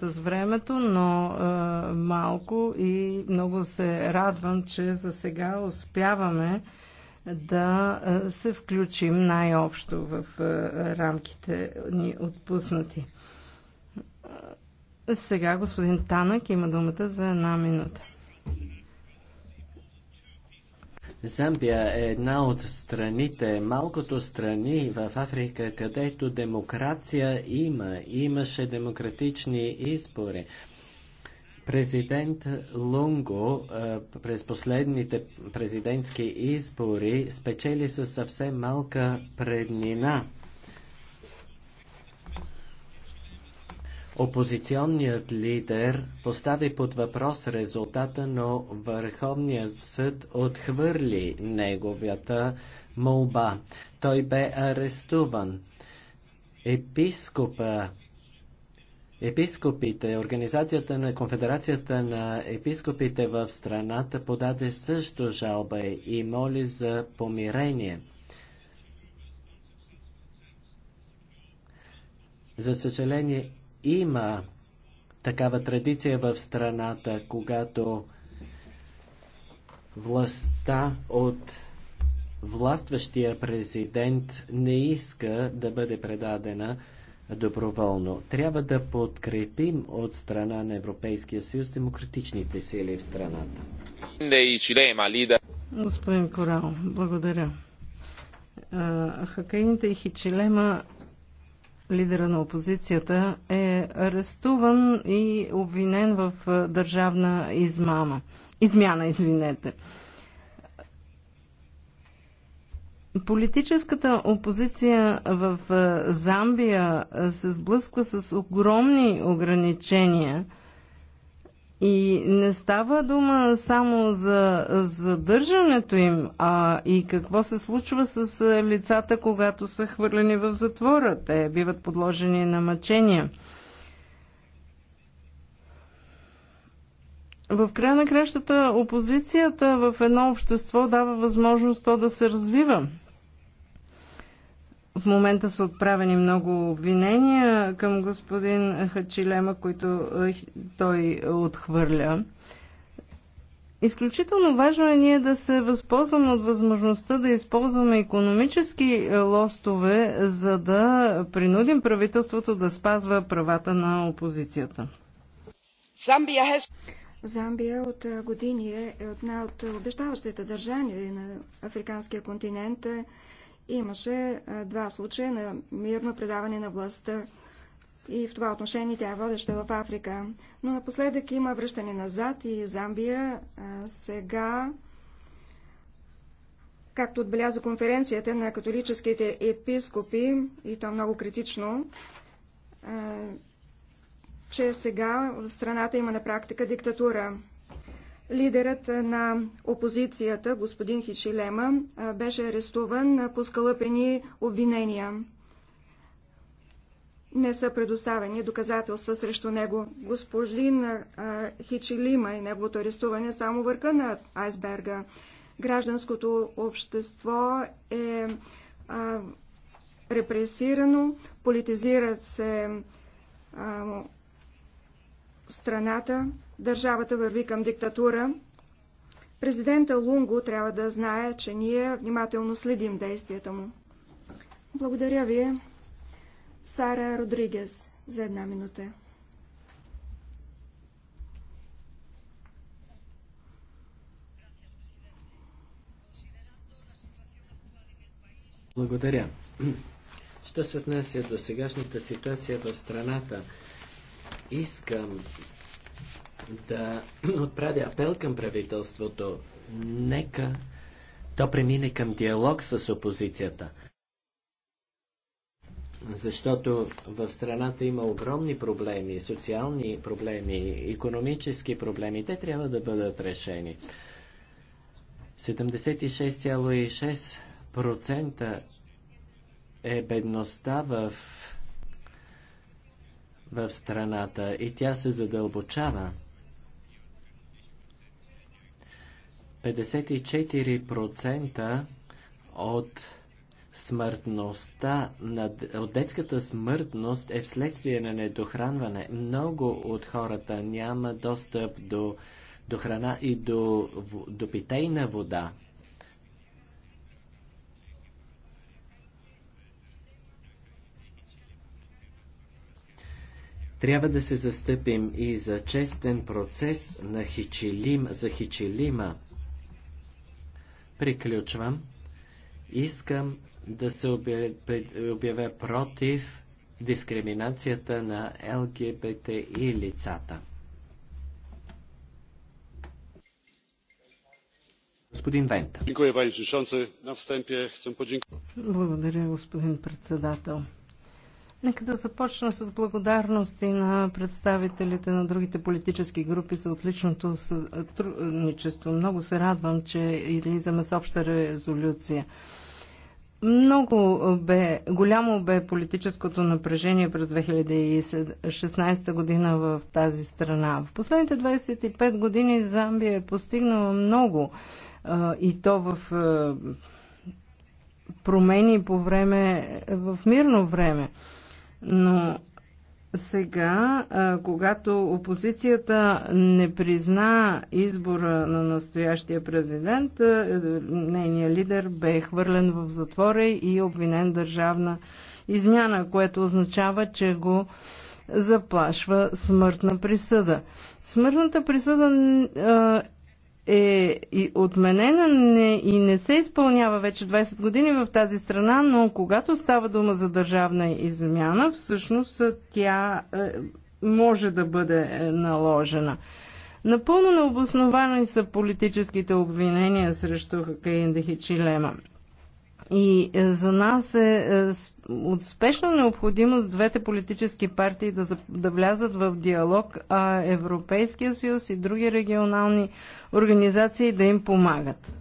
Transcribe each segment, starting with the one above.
с времето, но а, малко и много се радвам, че за сега успяваме да се включим най-общо в рамките ни отпуснати. Сега господин Танък има думата за една минута. Замбия е една от страните, малкото страни в Африка, където демокрация има. Имаше демократични избори. Президент Лунго през последните президентски избори спечели със съвсем малка преднина. Опозиционният лидер постави под въпрос резултата, но Върховният съд отхвърли неговата молба. Той бе арестуван. Епископа Епископите, Организацията на Конфедерацията на епископите в страната подаде също жалба и моли за помирение. За съжаление, има такава традиция в страната, когато властта от властващия президент не иска да бъде предадена доброволно. Трябва да подкрепим от страна на Европейския съюз демократичните сили в страната. Господин Корал, благодаря. Хакаините и Хичилема лидера на опозицията, е арестуван и обвинен в държавна измама. Измяна, извинете. Политическата опозиция в Замбия се сблъсква с огромни ограничения – и не става дума само за задържането им, а и какво се случва с е, лицата, когато са хвърлени в затвора. Те биват подложени на мъчения. В края на кращата опозицията в едно общество дава възможност то да се развива. В момента са отправени много обвинения към господин Хачилема, които е, той отхвърля. Изключително важно е ние да се възползваме от възможността да използваме економически е, лостове, за да принудим правителството да спазва правата на опозицията. Замбия от е, години е една от обещаващите държави на африканския континент. Имаше два случая на мирно предаване на властта и в това отношение тя е водеща в Африка. Но напоследък има връщане назад и Замбия сега, както отбеляза конференцията на католическите епископи, и то много критично, че сега в страната има на практика диктатура. Лидерът на опозицията, господин Хичилема, беше арестуван по скалъпени обвинения. Не са предоставени доказателства срещу него. Господин Хичилима и неговото арестуване само върха на айсберга. Гражданското общество е а, репресирано, политизират се а, страната. Държавата върви към диктатура. Президента Лунго трябва да знае, че ние внимателно следим действията му. Благодаря ви, Сара Родригес, за една минута. Благодаря. Що се отнася до сегашната ситуация в страната, искам да отправя апел към правителството. Нека то премине към диалог с опозицията. Защото в страната има огромни проблеми, социални проблеми, економически проблеми. Те трябва да бъдат решени. 76,6% е бедността в, в страната и тя се задълбочава. 54% от смъртността, от детската смъртност е вследствие на недохранване. Много от хората няма достъп до, до храна и до, до питейна вода. Трябва да се застъпим и за честен процес на хичилим, за хичилима. Приключвам. Искам да се обявя против дискриминацията на ЛГБТ и лицата. Господин Вента. Благодаря, господин председател. Нека да започна с благодарности на представителите на другите политически групи за отличното сътрудничество. Много се радвам, че излизаме с обща резолюция. Много бе, голямо бе политическото напрежение през 2016 година в тази страна. В последните 25 години Замбия е постигнала много и то в промени по време, в мирно време. Но сега, когато опозицията не призна избора на настоящия президент, нейният лидер бе хвърлен в затвора и обвинен държавна измяна, което означава, че го заплашва смъртна присъда. Смъртната присъда е и отменена не, и не се изпълнява вече 20 години в тази страна, но когато става дума за държавна измяна, всъщност тя е, може да бъде е, наложена. Напълно необосновани са политическите обвинения срещу Хакаин Дехичилема. И е, за нас е, е от спешна необходимост двете политически партии да, да влязат в диалог, а Европейския съюз и други регионални организации да им помагат.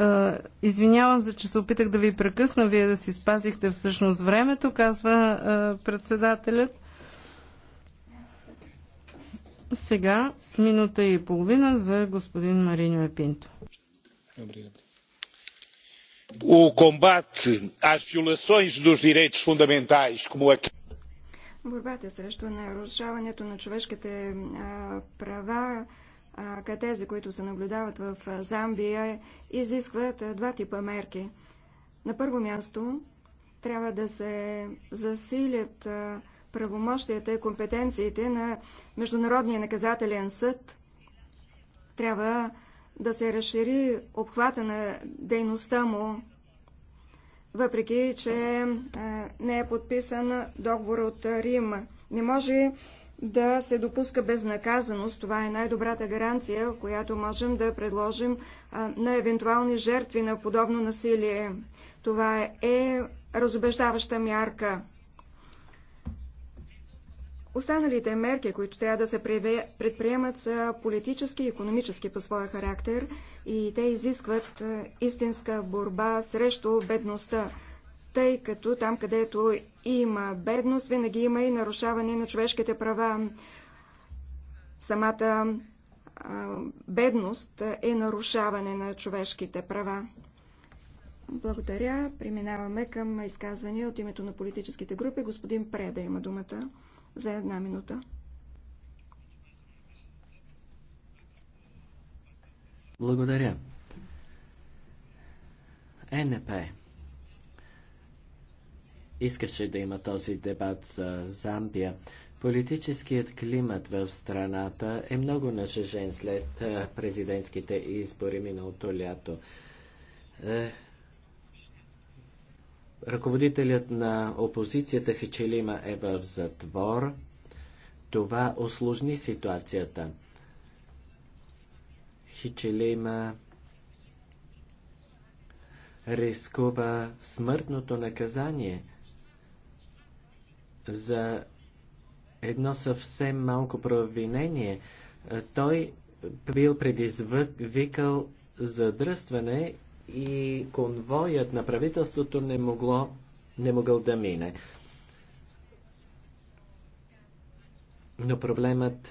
Е, извинявам се, че се опитах да ви прекъсна, вие да си спазихте всъщност времето, казва председателят. Сега минута и половина за господин Марино Епинто. O combate às violações dos direitos fundamentais, como a... Борбата срещу нарушаването на човешките права, а, тези, които се наблюдават в Замбия, изискват два типа мерки. На първо място трябва да се засилят а, правомощията и компетенциите на Международния наказателен съд трябва да се разшири обхвата на дейността му, въпреки че е, не е подписан договор от Рим. Не може да се допуска безнаказаност. Това е най-добрата гаранция, която можем да предложим е, на евентуални жертви на подобно насилие. Това е разобеждаваща мярка. Останалите мерки, които трябва да се предприемат, са политически и економически по своя характер и те изискват е, истинска борба срещу бедността, тъй като там, където има бедност, винаги има и нарушаване на човешките права. Самата е, бедност е нарушаване на човешките права. Благодаря. Преминаваме към изказвания от името на политическите групи. Господин Преда има думата за една минута. Благодаря. Е, НП. искаше да има този дебат за Замбия. Политическият климат в страната е много нажежен след президентските избори миналото лято. Е, Ръководителят на опозицията Хечелима е в затвор. Това осложни ситуацията. Хичелима рискува смъртното наказание за едно съвсем малко провинение. Той бил предизвикал задръстване и конвоят на правителството не, могло, не могъл да мине. Но проблемът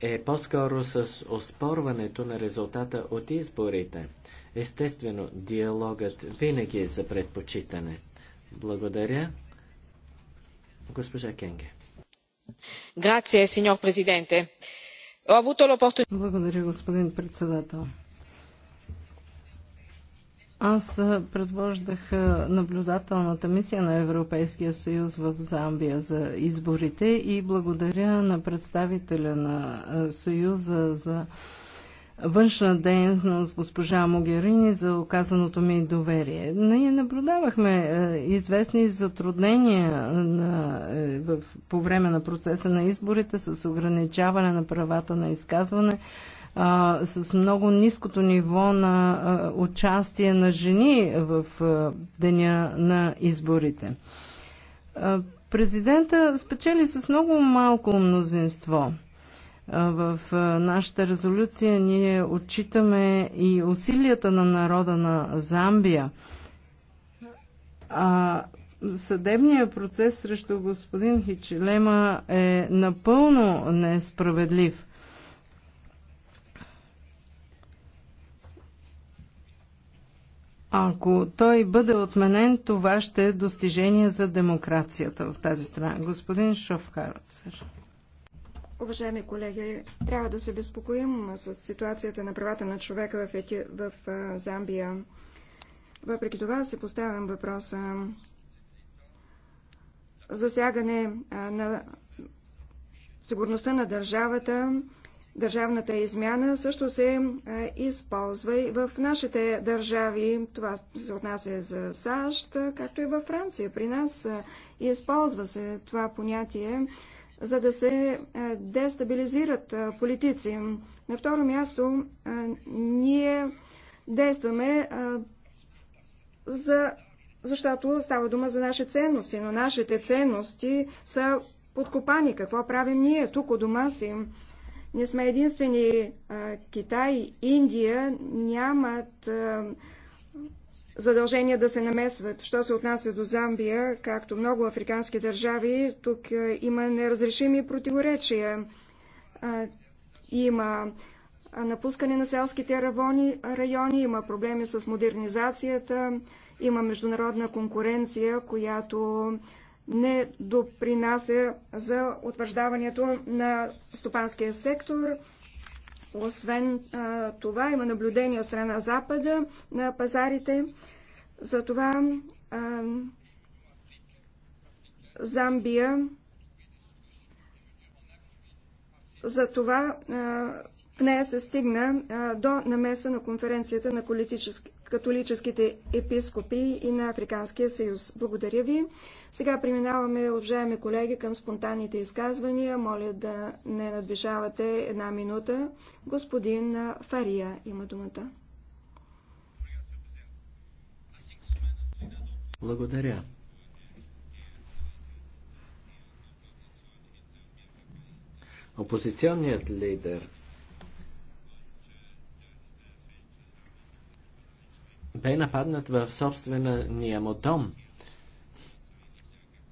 е по-скоро с оспорването на резултата от изборите. Естествено, диалогът винаги е за предпочитане. Благодаря. Госпожа Кенге. Грация, сеньор президенте. Благодаря, господин председател. Аз предвождах наблюдателната мисия на Европейския съюз в Замбия за изборите и благодаря на представителя на съюза за външна дейност госпожа Могерини за оказаното ми доверие. Ние наблюдавахме известни затруднения на, е, в, по време на процеса на изборите с ограничаване на правата на изказване а, с много ниското ниво на а, участие на жени в а, деня на изборите. А, президента спечели с много малко мнозинство. В нашата резолюция ние отчитаме и усилията на народа на Замбия. А, съдебният процес срещу господин Хичелема е напълно несправедлив. Ако той бъде отменен, това ще е достижение за демокрацията в тази страна. Господин Шофхарцер. Уважаеми колеги, трябва да се безпокоим с ситуацията на правата на човека в, Ети... в Замбия. Въпреки това се поставям въпроса засягане на сигурността на държавата, Държавната измяна също се е, използва и в нашите държави. Това се отнася за САЩ, както и във Франция. При нас е, използва се това понятие, за да се е, дестабилизират политици. На второ място, ние действаме за защото става дума за наши ценности, но нашите ценности са подкопани. Какво правим ние тук у дома си? Ние сме единствени. Китай, Индия нямат задължения да се намесват. Що се отнася до Замбия, както много африкански държави, тук има неразрешими противоречия. Има напускане на селските райони, има проблеми с модернизацията, има международна конкуренция, която не допринася за утвърждаването на стопанския сектор. Освен а, това има наблюдение от страна Запада на пазарите. Затова а, Замбия за това а, в нея се стигна до намеса на конференцията на католическите епископи и на Африканския съюз. Благодаря ви. Сега преминаваме, уважаеми колеги, към спонтанните изказвания. Моля да не надвижавате една минута. Господин Фария има думата. Благодаря. Опозиционният лидер бе нападнат в собствения му дом.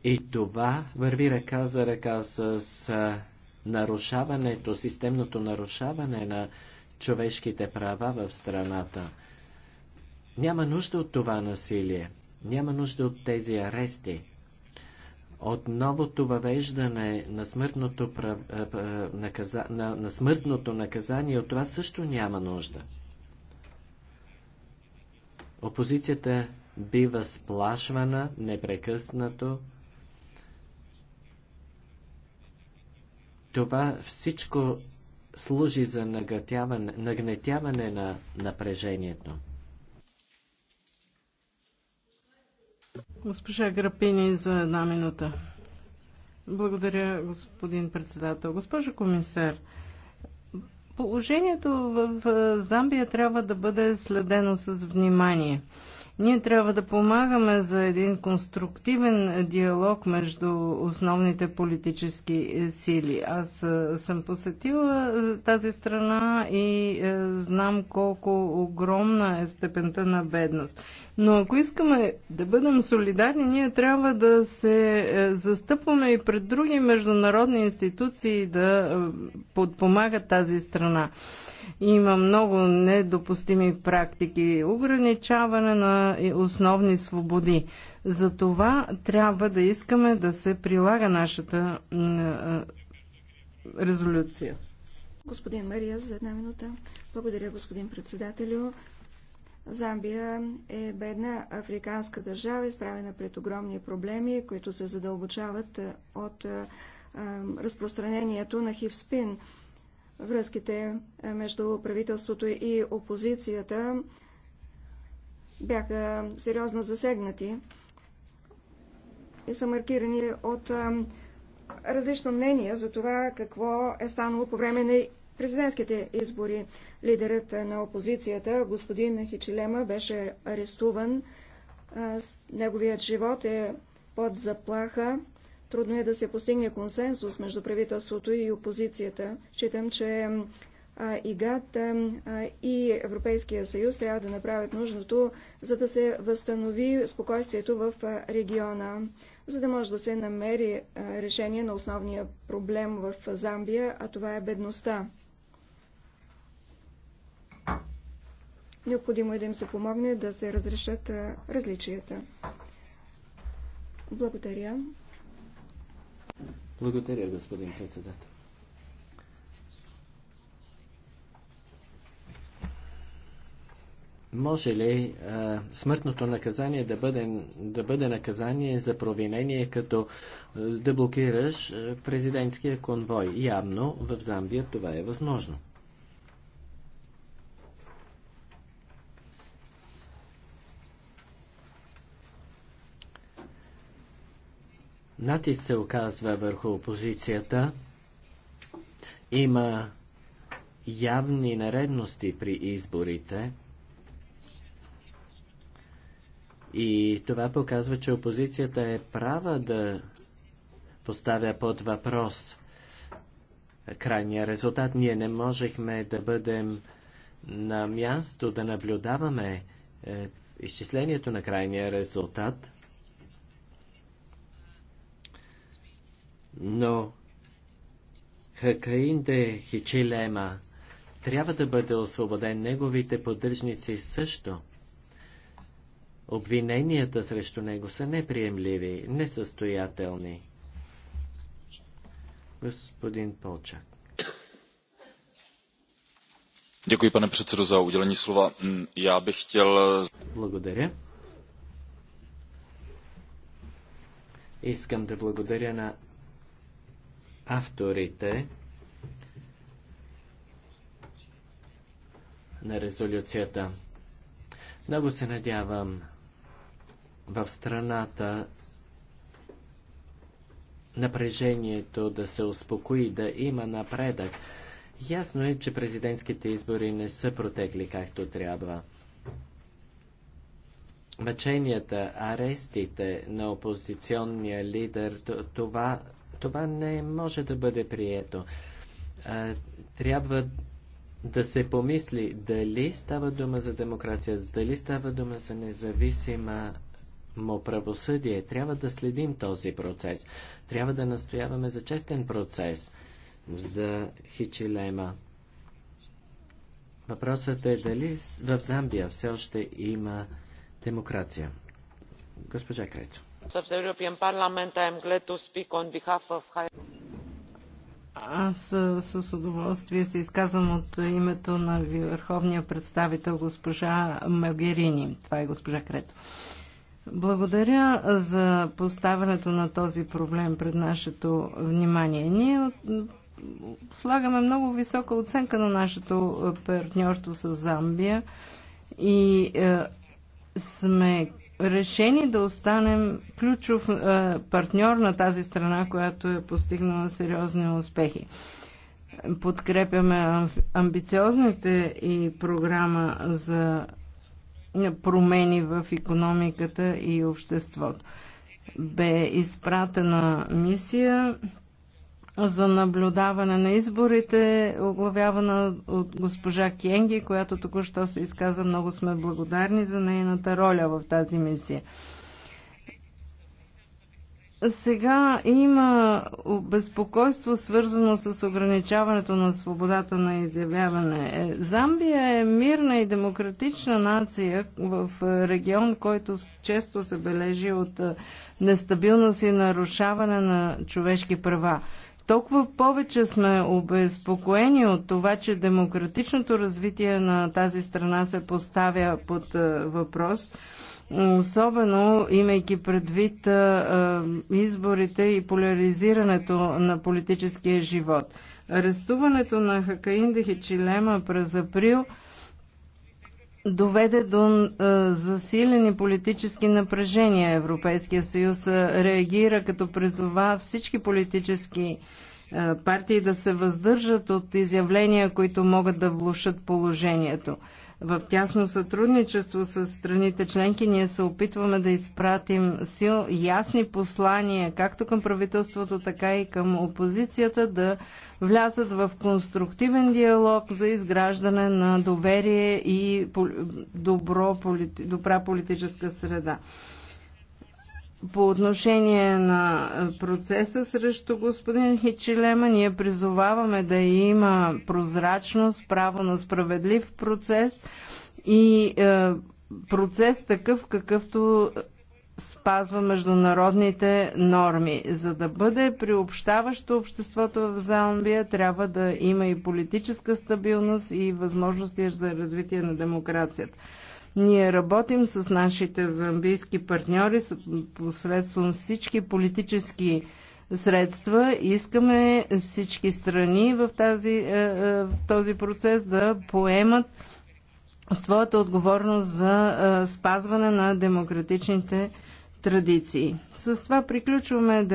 И това върви ръка за ръка с нарушаването, системното нарушаване на човешките права в страната. Няма нужда от това насилие, няма нужда от тези арести, от новото въвеждане на смъртното, прав... каза... на... на смъртното наказание, от това също няма нужда. Опозицията бива сплашвана непрекъснато. Това всичко служи за нагнетяване на напрежението. Госпожа Грапини за една минута. Благодаря, господин председател. Госпожа комисар, Положението в Замбия трябва да бъде следено с внимание. Ние трябва да помагаме за един конструктивен диалог между основните политически сили. Аз съм посетила тази страна и знам колко огромна е степента на бедност. Но ако искаме да бъдем солидарни, ние трябва да се е, застъпваме и пред други международни институции да е, подпомагат тази страна. Има много недопустими практики, ограничаване на е, основни свободи. За това трябва да искаме да се прилага нашата резолюция. Господин Мария, за една минута. Благодаря, господин председателю. Замбия е бедна африканска държава, изправена пред огромни проблеми, които се задълбочават е, от е, е, разпространението на хивспин. Връзките между правителството и опозицията бяха сериозно засегнати и са маркирани от различно мнение за това какво е станало по време на президентските избори. Лидерът на опозицията, господин Хичилема, беше арестуван. Неговият живот е под заплаха. Трудно е да се постигне консенсус между правителството и опозицията. Считам, че и и Европейския съюз трябва да направят нужното, за да се възстанови спокойствието в региона, за да може да се намери решение на основния проблем в Замбия, а това е бедността. Необходимо е да им се помогне да се разрешат различията. Благодаря. Благодаря, господин председател. Може ли а, смъртното наказание да бъде, да бъде наказание за провинение, като да блокираш президентския конвой? Явно в Замбия това е възможно. Натиск се оказва върху опозицията. Има явни наредности при изборите. И това показва, че опозицията е права да поставя под въпрос крайния резултат. Ние не можехме да бъдем на място да наблюдаваме е, изчислението на крайния резултат. но Хакаинде Хичилема трябва да бъде освободен, неговите поддръжници също. Обвиненията срещу него са неприемливи, несъстоятелни. Господин Полчак. Děkuji, pane předsedo, za udělení slova. Mm, já bych chtěl... Благодаря. Искам да благодаря на авторите на резолюцията. Много се надявам в страната напрежението да се успокои, да има напредък. Ясно е, че президентските избори не са протекли както трябва. Мъченията, арестите на опозиционния лидер, това това не може да бъде прието. Трябва да се помисли дали става дума за демокрация, дали става дума за независима му правосъдие. Трябва да следим този процес. Трябва да настояваме за честен процес за Хичилема. Въпросът е дали в Замбия все още има демокрация. Госпожа Крецо of the European Parliament, I am glad to speak on behalf of High аз с удоволствие се изказвам от името на върховния представител госпожа Магерини. Това е госпожа Крето. Благодаря за поставянето на този проблем пред нашето внимание. Ние слагаме много висока оценка на нашето партньорство с Замбия и сме решени да останем ключов е, партньор на тази страна, която е постигнала сериозни успехи. Подкрепяме амбициозните и програма за промени в економиката и обществото. Бе изпратена мисия за наблюдаване на изборите, оглавявана от госпожа Кенги, която току-що се изказа. Много сме благодарни за нейната роля в тази мисия. Сега има безпокойство, свързано с ограничаването на свободата на изявяване. Е, Замбия е мирна и демократична нация в е, регион, който често се бележи от е, нестабилност и нарушаване на човешки права толкова повече сме обезпокоени от това, че демократичното развитие на тази страна се поставя под е, въпрос, особено имайки предвид е, е, изборите и поляризирането на политическия живот. Арестуването на Хакаин Дехичилема през април – доведе до е, засилени политически напрежения. Европейския съюз е, реагира като призова всички политически е, партии да се въздържат от изявления, които могат да влушат положението. В тясно сътрудничество с страните членки ние се опитваме да изпратим сил, ясни послания както към правителството, така и към опозицията да влязат в конструктивен диалог за изграждане на доверие и добро, добра политическа среда. По отношение на процеса срещу господин Хичилема, ние призоваваме да има прозрачност, право на справедлив процес и е, процес такъв, какъвто спазва международните норми. За да бъде приобщаващо обществото в Замбия, трябва да има и политическа стабилност и възможности за развитие на демокрацията. Ние работим с нашите замбийски партньори посредством всички политически средства. Искаме всички страни в, тази, е, е, в този процес да поемат своята отговорност за е, спазване на демократичните традиции. С това приключваме